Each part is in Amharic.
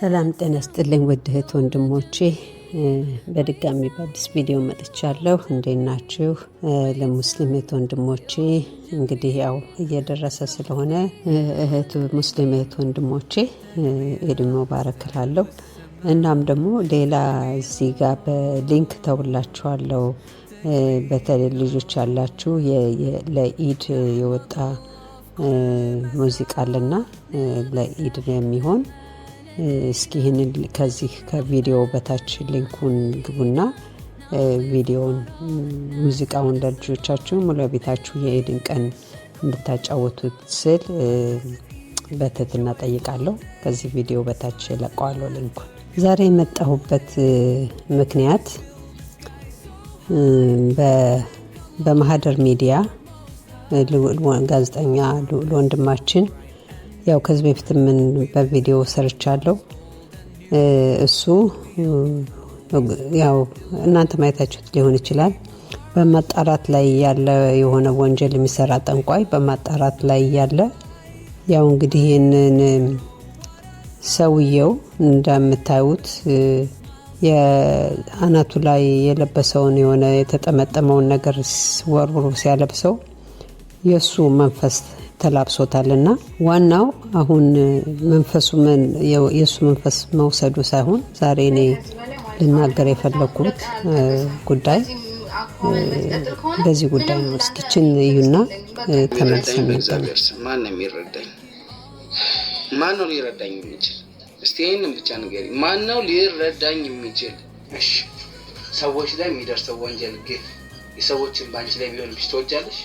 ሰላም ጤና ስጥልኝ ውድ እህት ወንድሞቼ፣ በድጋሚ በአዲስ ቪዲዮ መጥቻለሁ። እንዴት ናችሁ? ለሙስሊም እህት ወንድሞቼ እንግዲህ ያው እየደረሰ ስለሆነ እህት ሙስሊም እህት ወንድሞቼ ኤድሞ ባረክላለሁ እናም ደግሞ ሌላ እዚህ ጋር በሊንክ ተውላችኋለው በተለይ ልጆች ያላችሁ ለኢድ የወጣ ሙዚቃ አለና ለኢድ የሚሆን እስኪ ይህንን ከዚህ ከቪዲዮ በታች ሊንኩን ግቡና ቪዲዮውን ሙዚቃውን ለልጆቻችሁም ቤታችሁ የኢድን ቀን እንድታጫወቱት ስል በትህትና ጠይቃለሁ። ከዚህ ቪዲዮ በታች ለቀዋለሁ ሊንኩን። ዛሬ የመጣሁበት ምክንያት በማህደር ሚዲያ ጋዜጠኛ ልዑል ወንድማችን ያው ከዚህ በፊት ምን በቪዲዮ ሰርቻለሁ። እሱ ያው እናንተ ማየታችሁት ሊሆን ይችላል። በማጣራት ላይ ያለ የሆነ ወንጀል የሚሰራ ጠንቋይ በማጣራት ላይ ያለ ያው እንግዲህ ይህንን ሰውየው እንደምታዩት የአናቱ ላይ የለበሰውን የሆነ የተጠመጠመውን ነገር ወርውሮ ሲያለብሰው የእሱ መንፈስ ተላብሶታል እና ዋናው አሁን መንፈሱ ምን የእሱ መንፈስ መውሰዱ ሳይሆን ዛሬ እኔ ልናገር የፈለግኩት ጉዳይ በዚህ ጉዳይ ነው። እስኪችን እዩና ተመልሰን ነበር። ማን ነው የሚረዳኝ? ማን ነው ሊረዳኝ የሚችል እስቲ ይህንን ብቻ ንገሪኝ፣ ማነው ሊረዳኝ የሚችል? እሺ፣ ሰዎች ላይ የሚደርሰው ወንጀል ግን የሰዎችን በአንቺ ላይ ቢሆን ብሽ ትወጃለሽ?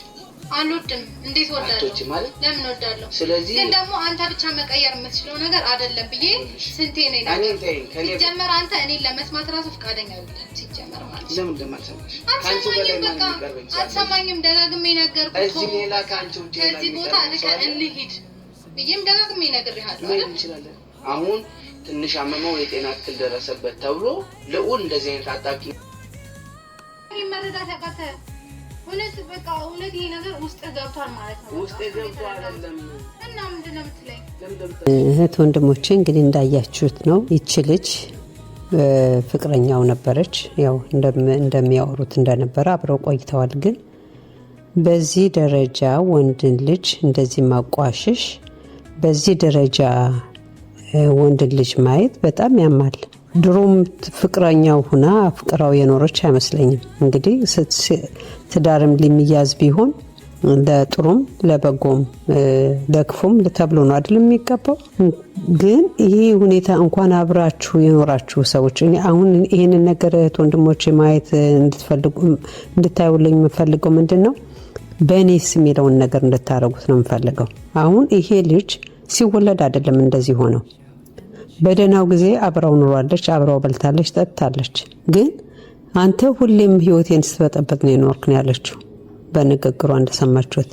አልወድም። እንዴት ወዳለሁ ማለት ለምን ወዳለሁ? ስለዚህ ግን ደግሞ አንተ ብቻ መቀየር የምትችለው ነገር አይደለም ብዬ ስንቴ ነኝ ሲጀመር፣ አንተ እኔን ለመስማት ራሱ ፈቃደኛ አይደለም ሲጀመር ማለት ለምን እንደማትሰማሽ አትሰማኝም። በቃ አትሰማኝም። ደጋግሜ ነገርኩህ። ከዚህ ቦታ ልቀህ እንሂድ ብዬም ደጋግሜ ነግሬሃለሁ አይደል? አሁን ትንሽ አመመው፣ የጤና እክል ደረሰበት ተብሎ ልዑል እንደዚህ አይነት አጣቂ መረዳት ያቃተ እውነት በቃ እውነት ይሄ ነገር ውስጥ ገብቷል ማለት ነው። ውስጥ እና ምንድን ነው የምትለኝ? እህት ወንድሞቼ እንግዲህ እንዳያችሁት ነው ይቺ ልጅ ፍቅረኛው ነበረች። ያው እንደሚያወሩት እንደነበረ አብረው ቆይተዋል። ግን በዚህ ደረጃ ወንድን ልጅ እንደዚህ ማቋሽሽ በዚህ ደረጃ ወንድ ልጅ ማየት በጣም ያማል። ድሮም ፍቅረኛው ሁና ፍቅራው የኖረች አይመስለኝም። እንግዲህ ትዳርም ሊሚያዝ ቢሆን ለጥሩም ለበጎም ለክፉም ተብሎ ነው አይደለም የሚገባው። ግን ይሄ ሁኔታ እንኳን አብራችሁ የኖራችሁ ሰዎች አሁን ይህንን ነገር እህት ወንድሞች ማየት እንድታዩልኝ የምፈልገው ምንድን ነው፣ በእኔስ የሚለውን ነገር እንድታደረጉት ነው የምፈልገው። አሁን ይሄ ልጅ ሲወለድ አይደለም እንደዚህ ሆነው። በደህናው ጊዜ አብራው ኑሯለች፣ አብራው በልታለች፣ ጠጥታለች። ግን አንተ ሁሌም ህይወቴን ስትበጠበጥ ነው የኖርክ ነው ያለችው በንግግሯ እንደሰማችሁት።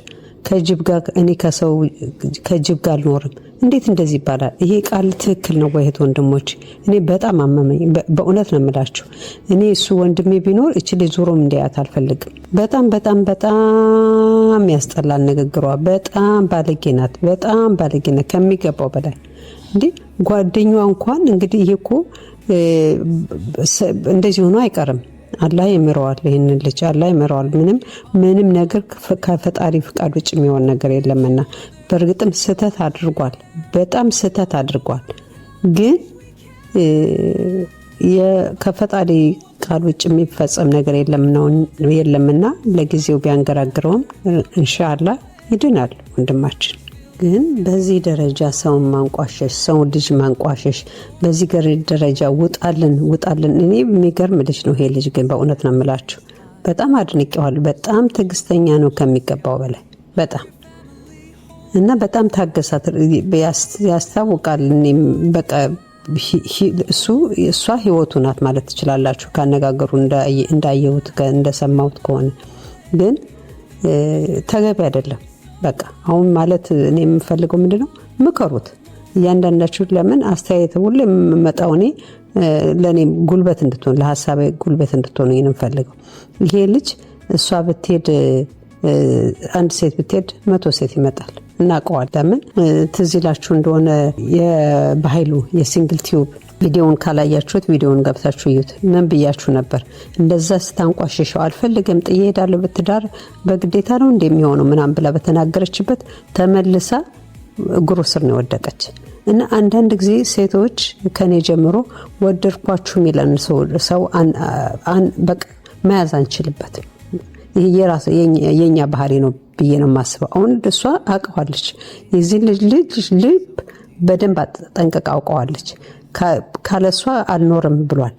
ከጅብ ጋር እኔ ከሰው ከጅብ ጋር አልኖርም። እንዴት እንደዚህ ይባላል? ይሄ ቃል ትክክል ነው ወይ? እህት ወንድሞች፣ እኔ በጣም አመመኝ። በእውነት ነው የምላችሁ። እኔ እሱ ወንድሜ ቢኖር እች ልጅ ዞሮም እንዲያያት አልፈልግም። በጣም በጣም በጣም ያስጠላል ንግግሯ። በጣም ባለጌ ናት። በጣም ባለጌ ናት ከሚገባው በላይ እንዴ። ጓደኛዋ እንኳን እንግዲህ ይሄ እኮ እንደዚህ ሆኖ አይቀርም አላህ ይምረዋል። ይህንን ልጅ አላህ ይምረዋል። ምንም ምንም ነገር ከፈጣሪ ፍቃድ ውጭ የሚሆን ነገር የለምና፣ በእርግጥም ስህተት አድርጓል፣ በጣም ስህተት አድርጓል። ግን ከፈጣሪ ቃል ውጭ የሚፈጸም ነገር የለምና ለጊዜው ቢያንገራግረውም እንሻላ ይድናል ወንድማችን። ግን በዚህ ደረጃ ሰውን ማንቋሸሽ፣ ሰውን ልጅ ማንቋሸሽ በዚህ ደረጃ ውጣልን ውጣልን። እኔ የሚገርም ልጅ ነው ይሄ ልጅ ግን በእውነት ነው የምላችሁ፣ በጣም አድንቄዋለሁ። በጣም ትግስተኛ ነው ከሚገባው በላይ በጣም እና በጣም ታገሳት ያስታውቃል። እሱ እሷ ህይወቱ ናት ማለት ትችላላችሁ ካነጋገሩ እንዳየሁት እንደሰማሁት ከሆነ ግን ተገቢ አይደለም። በቃ አሁን ማለት እኔ የምፈልገው ምንድን ነው ምከሩት። እያንዳንዳችሁ ለምን አስተያየት ሁሉ የምመጣው እኔ ለእኔ ጉልበት እንድትሆኑ ለሀሳብ ጉልበት እንድትሆኑ ይህን የምፈልገው ይሄ ልጅ እሷ ብትሄድ አንድ ሴት ብትሄድ መቶ ሴት ይመጣል። እናቀዋል ለምን ትዝ ይላችሁ እንደሆነ የባህሉ የሲንግል ቲዩብ ቪዲዮውን ካላያችሁት ቪዲዮውን ገብታችሁ እዩት። ምን ብያችሁ ነበር? እንደዛ ስታንቋሽሸው አልፈልግም ጥዬ እሄዳለሁ ብትዳር በግዴታ ነው እንደሚሆነው ምናምን ብላ በተናገረችበት ተመልሳ እግሩ ስር ነው የወደቀች። እና አንዳንድ ጊዜ ሴቶች ከኔ ጀምሮ ወደድኳችሁ የሚለን ሰው በቃ መያዝ አንችልበትም። ይህ የእኛ ባህሪ ነው ብዬ ነው የማስበው። አሁን እሷ አውቀዋለች፣ የዚህ ልጅ ልጅ ልብ በደንብ ጠንቅቃ አውቀዋለች። ካለሷ አልኖርም ብሏል።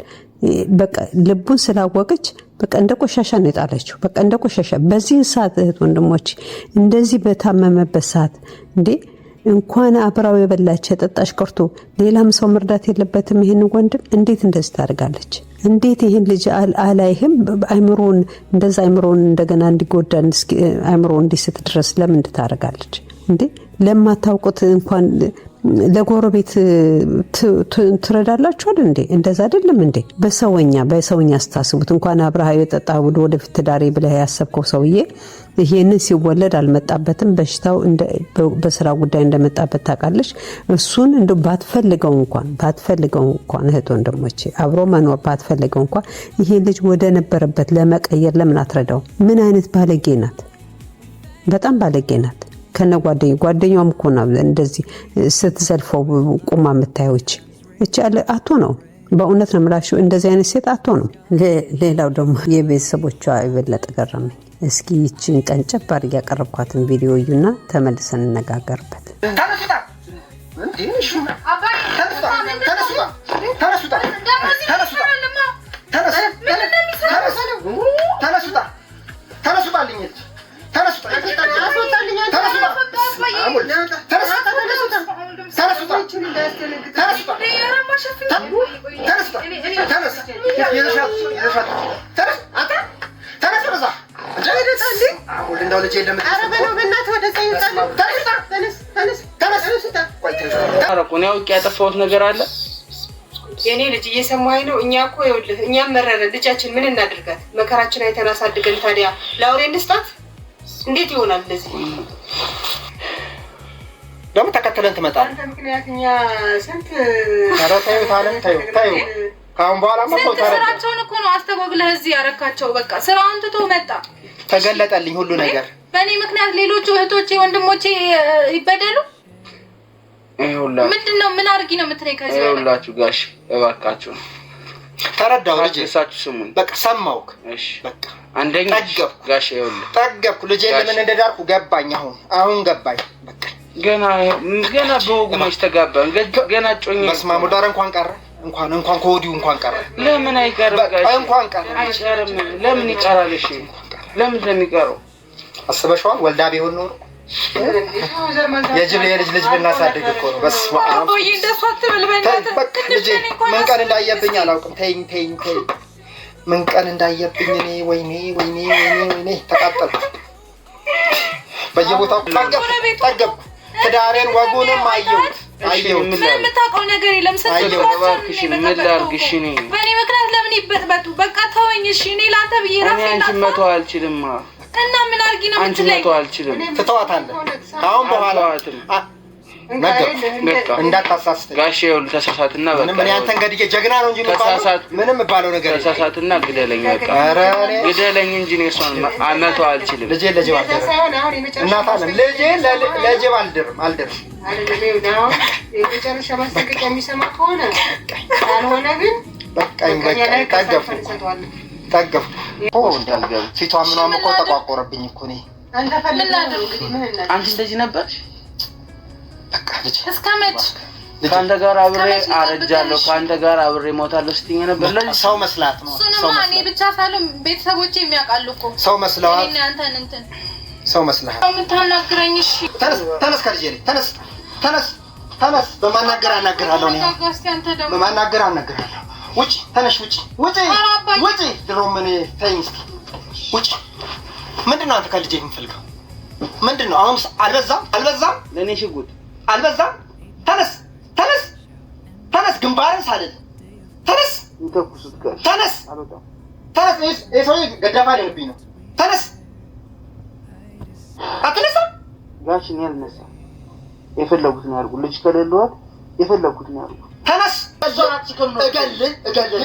በቃ ልቡን ስላወቀች በቃ እንደ ቆሻሻ ነው የጣለችው። በቃ እንደ ቆሻሻ በዚህ ሰዓት እህት ወንድሞች፣ እንደዚህ በታመመበት ሰዓት እንዴ እንኳን አብራው የበላች የጠጣች ቀርቶ ሌላም ሰው መርዳት የለበትም። ይህን ወንድም እንዴት እንደዚህ ታደርጋለች? እንዴት ይህን ልጅ አላይህም? አይምሮን እንደዛ አይምሮን እንደገና እንዲጎዳ አይምሮ እንዲስት ድረስ ለምን ታደርጋለች እንዴ? ለማታውቁት እንኳን ለጎረቤት ትረዳላችኋል እንዴ? እንደዛ አይደለም እንዴ? በሰውኛ በሰውኛ አስታስቡት። እንኳን አብረሃ የጠጣ ብሎ ወደፊት ትዳሬ ብለህ ያሰብከው ሰውዬ ይሄንን ሲወለድ አልመጣበትም። በሽታው በስራ ጉዳይ እንደመጣበት ታውቃለች። እሱን እንደ ባትፈልገው እንኳን ባትፈልገው እንኳን እህት ወንድሞቼ፣ አብሮ መኖር ባትፈልገው እንኳን ይሄ ልጅ ወደ ነበረበት ለመቀየር ለምን አትረዳው? ምን አይነት ባለጌ ናት! በጣም ባለጌ ናት። ከነ ጓደኛ ጓደኛውም እኮ ነው እንደዚህ ስትዘልፈው ቁማ የምታየዎች እቺ አቶ ነው። በእውነት ነው የምላችሁ እንደዚህ አይነት ሴት አቶ ነው። ሌላው ደግሞ የቤተሰቦቿ የበለጠ ገረመኝ። እስኪ ይችን ቀን ጨባር ያቀረብኳትን ቪዲዮ እዩና ተመልሰን እንነጋገርበት። ተነሱጣ እኔ አውቄ ያጠፋሁት ነገር አለ። የኔ ልጅ እየሰማኸኝ ነው? እኛ እኮ ይኸውልህ፣ እኛም መረረን። ልጃችን ምን እናድርጋት? መከራችን አይተን አሳድገን ታዲያ ለአውሬ እንስጣት። እንዴት ይሆናል እንደዚህ? ደግሞ ተከተለን ትመጣለህ። ምክንያት እኛ ስንት ከአሁን በኋላ ስራቸውን እኮ ነው አስተጓጉለህ እዚህ ያረካቸው። በቃ ስራውን ትቶ መጣ፣ ተገለጠልኝ ሁሉ ነገር በእኔ ምክንያት ሌሎቹ እህቶቼ ወንድሞቼ ይበደሉ። ምንድን ነው ምን አድርጊ ነው የምትለኝ? ከዚህ ሁላችሁ ጋሽ እባካችሁ ተረዳሁ። ልጅ እሳችሁ ስሙኝ። በቃ ሰማሁህ። በቃ አንደኛ ጋሽ ጠገብኩ። ልጄ ለምን እንደዳርኩ ገባኝ። አሁን አሁን ገባኝ። ገና ገና በወጉ መች ተጋባን። ገና ጮኝ መስማሙ ዳር እንኳን ቀረ እንኳን እንኳን ከወዲሁ እንኳን ቀረ። ለምን አይቀርም? እንኳን ቀረ አይቀርም። ለምን ይቀራል? እሺ ለምን እንደሚቀረው አስበሽዋል? ወልዳ ቢሆን ኖሮ የጅብ የልጅ ልጅ ብናሳድግ እኮ ነው። በስመ አብ ልጄ ምን ቀን እንዳየብኝ አላውቅም። ተይኝ ተይኝ ተይኝ ምን ቀን እንዳየብኝ እኔ ወይኔ ወይኔ ወይኔ ወይኔ ተቃጠሉ። በየቦታው ጠገብ ጠገብ ትዳሬን ወጉንም አየሁት የምታውቀው ነገር የለም። እባክሽ በእኔ ምክንያት ለምን ይበጥበጡ? በቃ ተወኝ እሺ። እኔ ላንተ ብዬ ራሴ አንቺን መተው አልችልም እና ምን አድርጊ ነው የምትለኝ? መቶ አልችልም። ትተዋታለህ አሁን በኋላ እንዳታሳስተኝ ጋሼ። ይኸውልህ ተሳሳትና በቃ ምን ያንተን ገድዬ ጀግና ነው እንጂ ምንም ባለው ነገር ተሳሳትና ግደለኝ፣ በቃ ግደለኝ እንጂ ነው እሷን መቶ አልችልም። ልጄ ለጅብ አልደርም፣ እናት አለም ልጄ ለጅብ አልደርም፣ አልደርም። ፊቷ ምኗም እኮ ተቋቆረብኝ እኮ እኔ አንቺ እንደዚህ ነበርሽ ከአንተ ጋር አብሬ አረጃለሁ፣ ከአንተ ጋር አብሬ እሞታለሁ ስትኝ ነበር። ለዚህ ሰው መስላት ነው። እሱንማ እኔ ብቻ ሳልሆን ቤተሰቦቼ የሚያውቃሉ እኮ ሰው መስለዋል። እኔ አንተን እንትን ሰው መስለሃል። የምታናግረኝ? እሺ ተነስ፣ ተነስ፣ ከልጄ ላይ ተነስ፣ ተነስ፣ ተነስ። በማናገር አናግርሃለሁ፣ በማናገር አናግርሃለሁ። ውጪ፣ ተነሽ፣ ውጪ፣ ውጪ፣ ውጪ። ተይኝ እስኪ ውጪ። ምንድን ነው አንተ ከልጄ የምፈልገው ምንድን ነው? አልበዛም? አልበዛም ለእኔ ሽጉጥ አልበዛም? ተነስ ተነስ ተነስ፣ ግንባርን ሳልል ተነስ ተነስ ተነስ። ይህ ሰው ገዳፋ ሊሆንብኝ ነው። ተነስ አትነሳም? ጋሽ እኔ አልነሳም። የፈለጉት ነው ያድርጉ። ልጅ ከሌለዋት የፈለጉት ነው ያድርጉ። ተነስ እዛ እገልህ እገልህ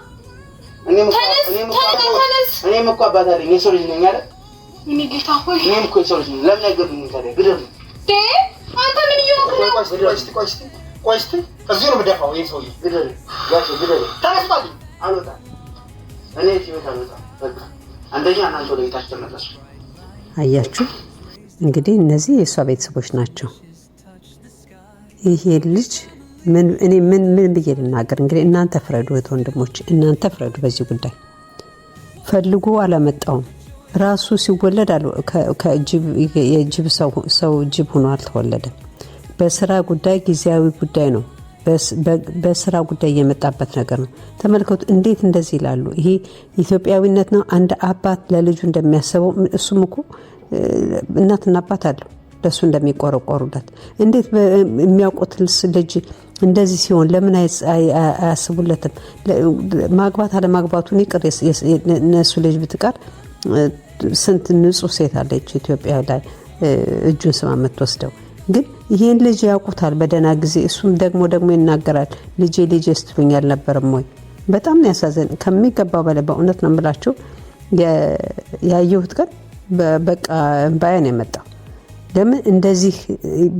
እኔም እኮ አባት አለኝ። የሰው ልጅ ነኝ አይደል? ጌታ ሆይ እኔም እኮ የሰው ልጅ ነኝ። ለምን ታዲያ? ግደሉ። አንተ ምን እየሆንክ ነው? ቆይ እስኪ እዚሁ ነው የምደፋው። ይሄ ሰውዬ ግደሉ፣ ግደሉ። አልወጣም እኔ ቤት አልወጣም። በቃ አንደኛ እናንተ ወደ ቤታችሁ ተመለሱ። አያችሁ እንግዲህ እነዚህ የእሷ ቤተሰቦች ናቸው። ይሄ ልጅ እኔ ምን ምን ብዬ ልናገር? እንግዲህ እናንተ ፍረዱ፣ እህት ወንድሞች፣ እናንተ ፍረዱ በዚህ ጉዳይ። ፈልጎ አላመጣውም ራሱ ሲወለድ የጅብ ሰው ጅብ ሆኖ አልተወለደም። በስራ ጉዳይ ጊዜያዊ ጉዳይ ነው። በስራ ጉዳይ የመጣበት ነገር ነው። ተመልከቱ፣ እንዴት እንደዚህ ይላሉ። ይሄ ኢትዮጵያዊነት ነው። አንድ አባት ለልጁ እንደሚያስበው እሱም እኮ እናትና አባት አለው። ለሱ እንደሚቆረቆሩለት እንዴት የሚያውቁት ልጅ እንደዚህ ሲሆን ለምን አያስቡለትም? ማግባት አለማግባቱን ይቅር ነሱ ልጅ ብትቀር ስንት ንጹህ ሴት አለች ኢትዮጵያ ላይ እጁን ስማ የምትወስደው ግን ይህን ልጅ ያውቁታል። በደህና ጊዜ እሱም ደግሞ ደግሞ ይናገራል። ልጄ ልጄ ስትሉኝ አልነበረም ወይ? በጣም ያሳዘን ከሚገባው በላይ በእውነት ነው የምላችሁ። ያየሁት ቀን በቃ እምባዬን የመጣው ለምን እንደዚህ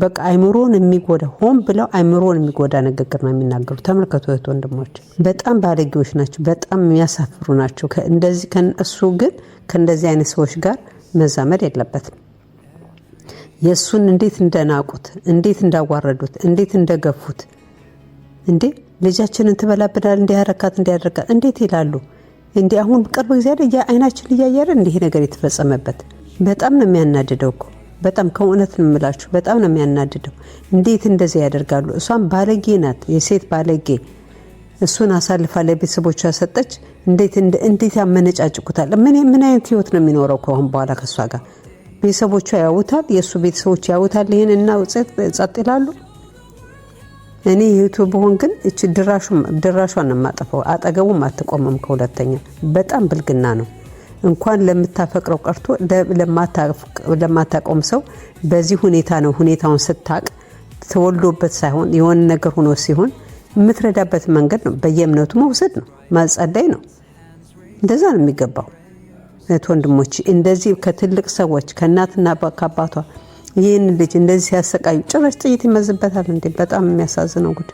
በቃ አይምሮን የሚጎዳ ሆን ብለው አይምሮን የሚጎዳ ንግግር ነው የሚናገሩ። ተመልከቱ እህት ወንድሞች፣ በጣም ባለጌዎች ናቸው፣ በጣም የሚያሳፍሩ ናቸው። እንደዚህ እሱ ግን ከእንደዚህ አይነት ሰዎች ጋር መዛመድ የለበትም። የእሱን እንዴት እንደናቁት፣ እንዴት እንዳዋረዱት፣ እንዴት እንደገፉት፣ እንዴ ልጃችንን ትበላብናል፣ እንዲያረካት እንዲያደርጋት እንዴት ይላሉ። እንዲ አሁን ቅርብ ጊዜ አይናችን እያያለ እንዲህ ነገር የተፈጸመበት በጣም ነው የሚያናድደው እኮ በጣም ከእውነት ነው የምላችሁ፣ በጣም ነው የሚያናድደው። እንዴት እንደዚህ ያደርጋሉ? እሷም ባለጌ ናት፣ የሴት ባለጌ እሱን አሳልፋ ለቤተሰቦቿ ሰጠች። እንዴት ያመነጫጭቁታል! ምን አይነት ህይወት ነው የሚኖረው ከአሁን በኋላ ከእሷ ጋር? ቤተሰቦቿ ያውታል፣ የእሱ ቤተሰቦች ያውታል። ይህን እና ጸጥ ይላሉ። እኔ ይህቱ ብሆን ግን እች ድራሿን የማጠፈው አጠገቡም አትቆምም። ከሁለተኛ በጣም ብልግና ነው። እንኳን ለምታፈቅረው ቀርቶ ለማታቀውም ሰው በዚህ ሁኔታ ነው። ሁኔታውን ስታቅ ተወልዶበት ሳይሆን የሆነ ነገር ሆኖ ሲሆን የምትረዳበት መንገድ ነው። በየእምነቱ መውሰድ ነው፣ ማጸዳይ ነው። እንደዛ ነው የሚገባው። እህት ወንድሞች፣ እንደዚህ ከትልቅ ሰዎች ከእናትና ከአባቷ ይህን ልጅ እንደዚህ ሲያሰቃዩ ጭራሽ ጥይት ይመዝበታል እንዴ! በጣም የሚያሳዝነው ጉድ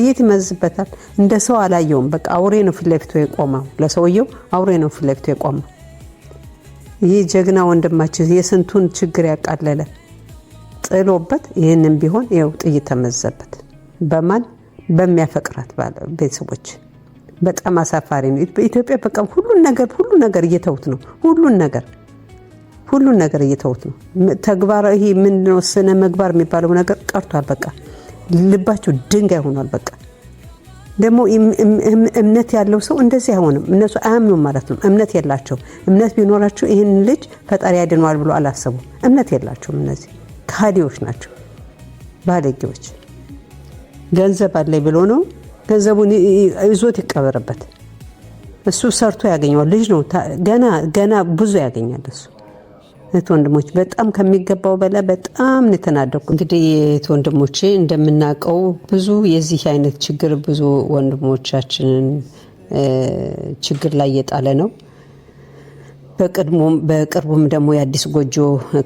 ጥይት ይመዝበታል። እንደ ሰው አላየውም። በቃ አውሬ ነው ፊትለፊቱ የቆመው፣ ለሰውየው አውሬ ነው ፊት የቆመው። ይህ ጀግና ወንድማችን የስንቱን ችግር ያቃለለ ጥሎበት፣ ይህንም ቢሆን ው ጥይት ተመዘበት። በማን በሚያፈቅራት ቤተሰቦች። በጣም አሳፋሪ ነው። በኢትዮጵያ በቃ ሁሉን ነገር ሁሉ ነገር እየተውት ነው። ሁሉን ነገር ሁሉን ነገር እየተውት ነው። ተግባራዊ ምንድነው ስነ መግባር የሚባለው ነገር ቀርቷል በቃ ልባቸው ድንጋይ ሆኗል። በቃ ደግሞ እምነት ያለው ሰው እንደዚህ አይሆንም። እነሱ አያምኑም ማለት ነው። እምነት የላቸው። እምነት ቢኖራቸው ይህን ልጅ ፈጣሪ ያድነዋል ብሎ አላሰቡም። እምነት የላቸውም። እነዚህ ከሃዲዎች ናቸው፣ ባለጌዎች። ገንዘብ አለኝ ብሎ ነው ገንዘቡን ይዞት ይቀበርበት። እሱ ሰርቶ ያገኘዋል። ልጅ ነው ገና ገና ብዙ ያገኛል እሱ እህት ወንድሞች በጣም ከሚገባው በላይ በጣም የተናደኩ። እንግዲህ እህት ወንድሞቼ እንደምናውቀው ብዙ የዚህ አይነት ችግር ብዙ ወንድሞቻችንን ችግር ላይ የጣለ ነው። በቅርቡም ደግሞ የአዲስ ጎጆ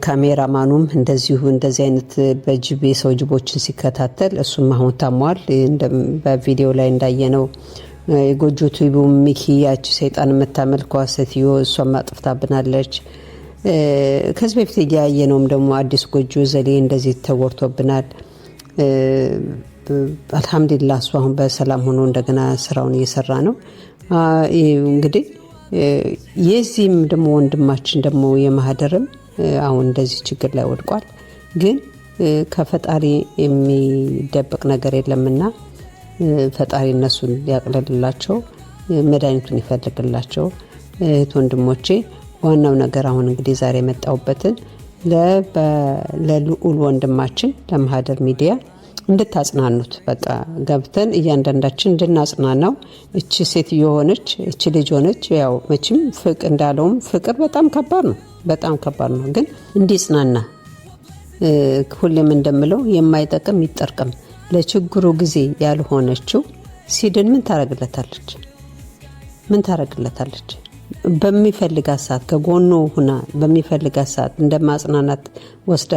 ካሜራማኑም እንደዚሁ እንደዚህ አይነት በጅብ የሰው ጅቦችን ሲከታተል እሱም አሁን ታሟል። በቪዲዮ ላይ እንዳየነው የጎጆ ቱቡ ሚኪያች ሰይጣን የምታመልከዋ ሴትዮ እሷም አጥፍታብናለች። ከዚህ በፊት ነውም ደግሞ አዲስ ጎጆ ዘሌ እንደዚህ ተወርቶብናል። አልሐምዱሊላ እሱ አሁን በሰላም ሆኖ እንደገና ስራውን እየሰራ ነው። እንግዲህ የዚህም ደግሞ ወንድማችን ደግሞ የማህደርም አሁን እንደዚህ ችግር ላይ ወድቋል። ግን ከፈጣሪ የሚደበቅ ነገር የለምና ፈጣሪ እነሱን ሊያቅለልላቸው መድኃኒቱን ይፈልግላቸው እህት ወንድሞቼ ዋናው ነገር አሁን እንግዲህ ዛሬ የመጣውበትን ለልዑል ወንድማችን ለማህደር ሚዲያ እንድታጽናኑት በቃ ገብተን እያንዳንዳችን እንድናጽናናው እቺ ሴትዮ ሆነች፣ እቺ ልጅ ሆነች። ያው መችም ፍቅ እንዳለውም ፍቅር በጣም ከባድ ነው፣ በጣም ከባድ ነው። ግን እንዲጽናና ሁሌም እንደምለው የማይጠቅም ይጠርቅም። ለችግሩ ጊዜ ያልሆነችው ሲድን ምን ታረግለታለች? ምን ታረግለታለች? በሚፈልጋት ሰዓት ከጎኑ ሁና በሚፈልጋት ሰዓት እንደ ማጽናናት ወስዳ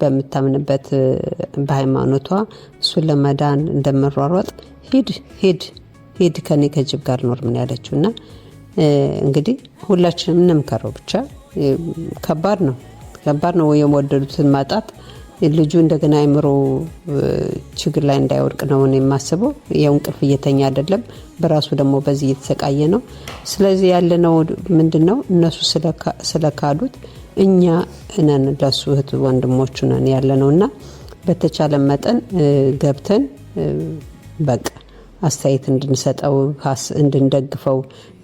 በምታምንበት በሃይማኖቷ እሱን ለመዳን እንደመሯሯጥ ሂድ ሂድ ሂድ ከኔ ከጅብ ጋር ኖር ምን ያለችው እና እንግዲህ ሁላችንም እንምከረው ብቻ። ከባድ ነው፣ ከባድ ነው። የወደዱትን ማጣት ልጁ እንደገና አይምሮ ችግር ላይ እንዳይወድቅ ነው የማስበው። ያው እንቅልፍ እየተኛ አይደለም፣ በራሱ ደግሞ በዚህ እየተሰቃየ ነው። ስለዚህ ያለነው ምንድን ነው እነሱ ስለካዱት እኛ እነን ለሱ እህት ወንድሞቹ ነን ያለነው እና በተቻለ መጠን ገብተን በቃ አስተያየት እንድንሰጠው እንድንደግፈው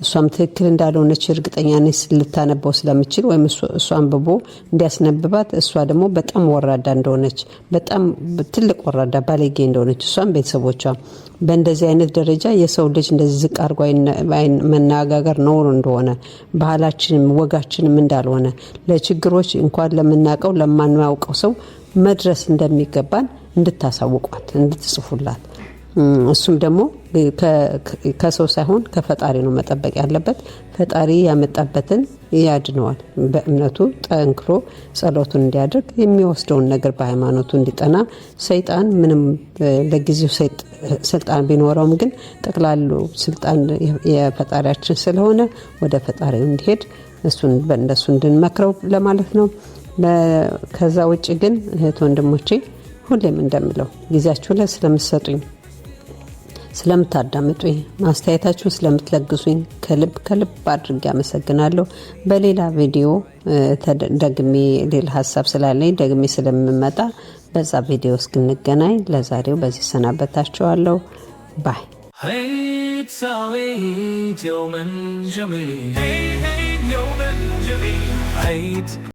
እሷም ትክክል እንዳልሆነች እርግጠኛ ነች ልታነበው ስለምችል ወይም እሷ አንብቦ እንዲያስነብባት እሷ ደግሞ በጣም ወራዳ እንደሆነች በጣም ትልቅ ወራዳ ባለጌ እንደሆነች እሷም ቤተሰቦቿ በእንደዚህ አይነት ደረጃ የሰው ልጅ እንደዚህ ዝቅ አድርጎ መነጋገር ነውር እንደሆነ ባህላችንም ወጋችንም እንዳልሆነ ለችግሮች እንኳን ለምናውቀው ለማናውቀው ሰው መድረስ እንደሚገባን እንድታሳውቋት እንድትጽፉላት እሱም ደግሞ ከሰው ሳይሆን ከፈጣሪ ነው መጠበቅ ያለበት። ፈጣሪ ያመጣበትን ያድነዋል። በእምነቱ ጠንክሮ ጸሎቱን እንዲያደርግ የሚወስደውን ነገር በሃይማኖቱ እንዲጠና፣ ሰይጣን ምንም ለጊዜው ስልጣን ቢኖረውም ግን ጠቅላሉ ስልጣን የፈጣሪያችን ስለሆነ ወደ ፈጣሪው እንዲሄድ እሱን በእንደሱ እንድንመክረው ለማለት ነው። ከዛ ውጭ ግን እህት ወንድሞቼ ሁሌም እንደምለው ጊዜያችሁ ላይ ስለምሰጡኝ ስለምታዳምጡኝ ማስተያየታችሁን ስለምትለግሱኝ ከልብ ከልብ አድርጌ አመሰግናለሁ። በሌላ ቪዲዮ ደግሜ ሌላ ሀሳብ ስላለኝ ደግሜ ስለምመጣ በዛ ቪዲዮ እስክንገናኝ ለዛሬው በዚህ ሰናበታችኋለሁ። ባይ